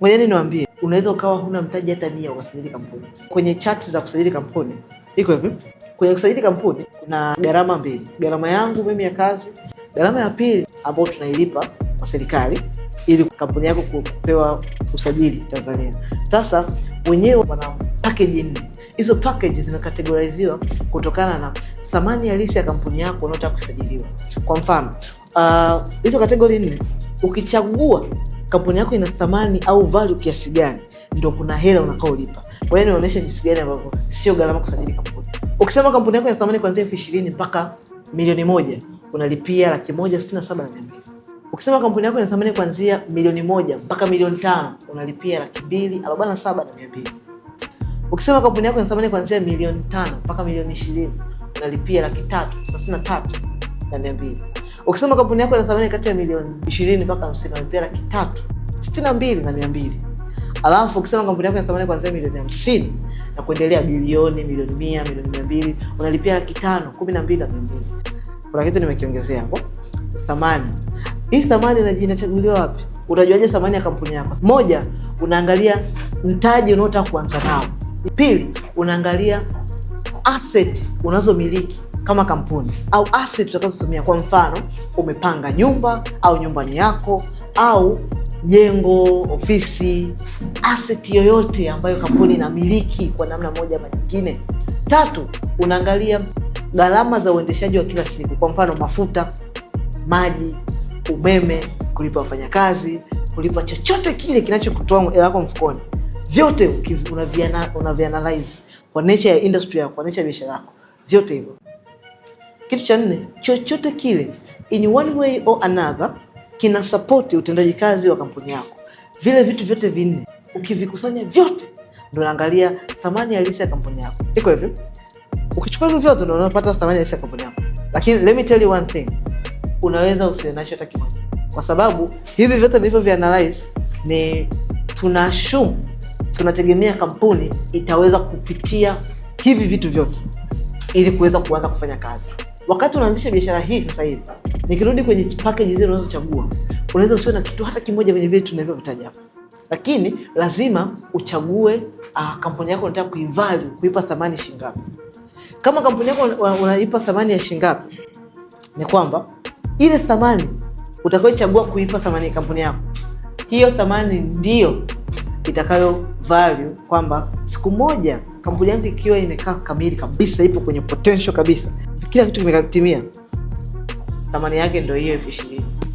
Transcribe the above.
Ngojeni niwaambie, unaweza ukawa huna mtaji hata mia ukasajili kampuni. Kwenye chat za kusajili kampuni iko hivi, kwenye kusajili kampuni kuna gharama mbili, gharama yangu mimi ya kazi, gharama ya pili ambayo tunailipa kwa serikali ili kampuni yako kupewa usajili Tanzania. Sasa wenyewe wana package nne. Hizo package zinakategoriziwa kutokana na thamani halisi ya kampuni yako unaotaka kusajiliwa. Kwa mfano, ah, hizo uh, kategori nne ukichagua kampuni yako ina thamani au value kiasi gani, ndio kuna hela unakao lipa. Kwa hiyo inaonyesha jinsi gani ambavyo sio gharama kusajili kampuni. Ukisema kampuni yako ina thamani kuanzia elfu ishirini mpaka milioni moja unalipia laki moja sitini na saba na mia mbili. Ukisema kampuni yako ina thamani kuanzia milioni moja mpaka milioni tano unalipia laki mbili arobaini na saba na mia mbili. Ukisema kampuni yako ina thamani kuanzia milioni tano mpaka milioni ishirini unalipia laki tatu thelathini na tatu na mia mbili. Ukisema kampuni yako ina thamani kati ya milioni ishirini mpaka 50 unalipia laki tatu sitini na mbili na mia mbili. Alafu ukisema kampuni yako ina thamani kuanzia milioni hamsini na kuendelea, bilioni, milioni mia milioni mia mbili unalipia laki tano kumi na mbili na mia mbili. Kuna kitu nimekiongezea hapo, thamani hii. Thamani inachaguliwa wapi? Unajuaje thamani ya kampuni yako? Moja, unaangalia mtaji unaotaka kuanza nao. Pili, unaangalia asset unazomiliki kama kampuni au asset utakazotumia. Kwa mfano, umepanga nyumba au nyumbani yako au jengo, ofisi, asset yoyote ambayo kampuni inamiliki kwa namna moja ama nyingine. Tatu, unaangalia gharama za uendeshaji wa kila siku, kwa mfano mafuta, maji, umeme, kulipa wafanyakazi, kulipa chochote kile kinachokutoa hela yako mfukoni, vyote unavianalyze kwa nature ya industry yako, kwa nature ya biashara yako, vyote hivyo. Kitu cha nne, chochote kile in one way or another kina support utendaji kazi wa kampuni yako. Vile vitu vyote vinne ukivikusanya vyote, ndo unaangalia thamani halisi ya kampuni yako. Iko hivyo, ukichukua hivyo vyote, ndo unapata thamani halisi ya kampuni yako. Lakini let me tell you one thing, unaweza usiwe nacho hata kimoja, kwa sababu hivi vyote ndivyo vya analyze ni tuna assume, tunategemea kampuni itaweza kupitia hivi vitu vyote ili kuweza kuanza kufanya kazi. Wakati unaanzisha biashara hii sasa hivi, nikirudi kwenye package zile unazochagua, unaweza usiwe na kitu hata kimoja kwenye vitu tunavyovitaja hapa, lakini lazima uchague uh, kampuni yako unataka kuivalu kuipa thamani shingapi. Kama kampuni yako unaipa thamani ya shingapi, ni kwamba ile thamani utakayochagua kuipa thamani ya kampuni yako, hiyo thamani ndiyo itakayo value kwamba siku moja kampuni yangu ikiwa imekaa kamili kabisa, ipo kwenye potential kabisa kila kitu kimekatimia Thamani yake ndio hiyo elfu ishirini.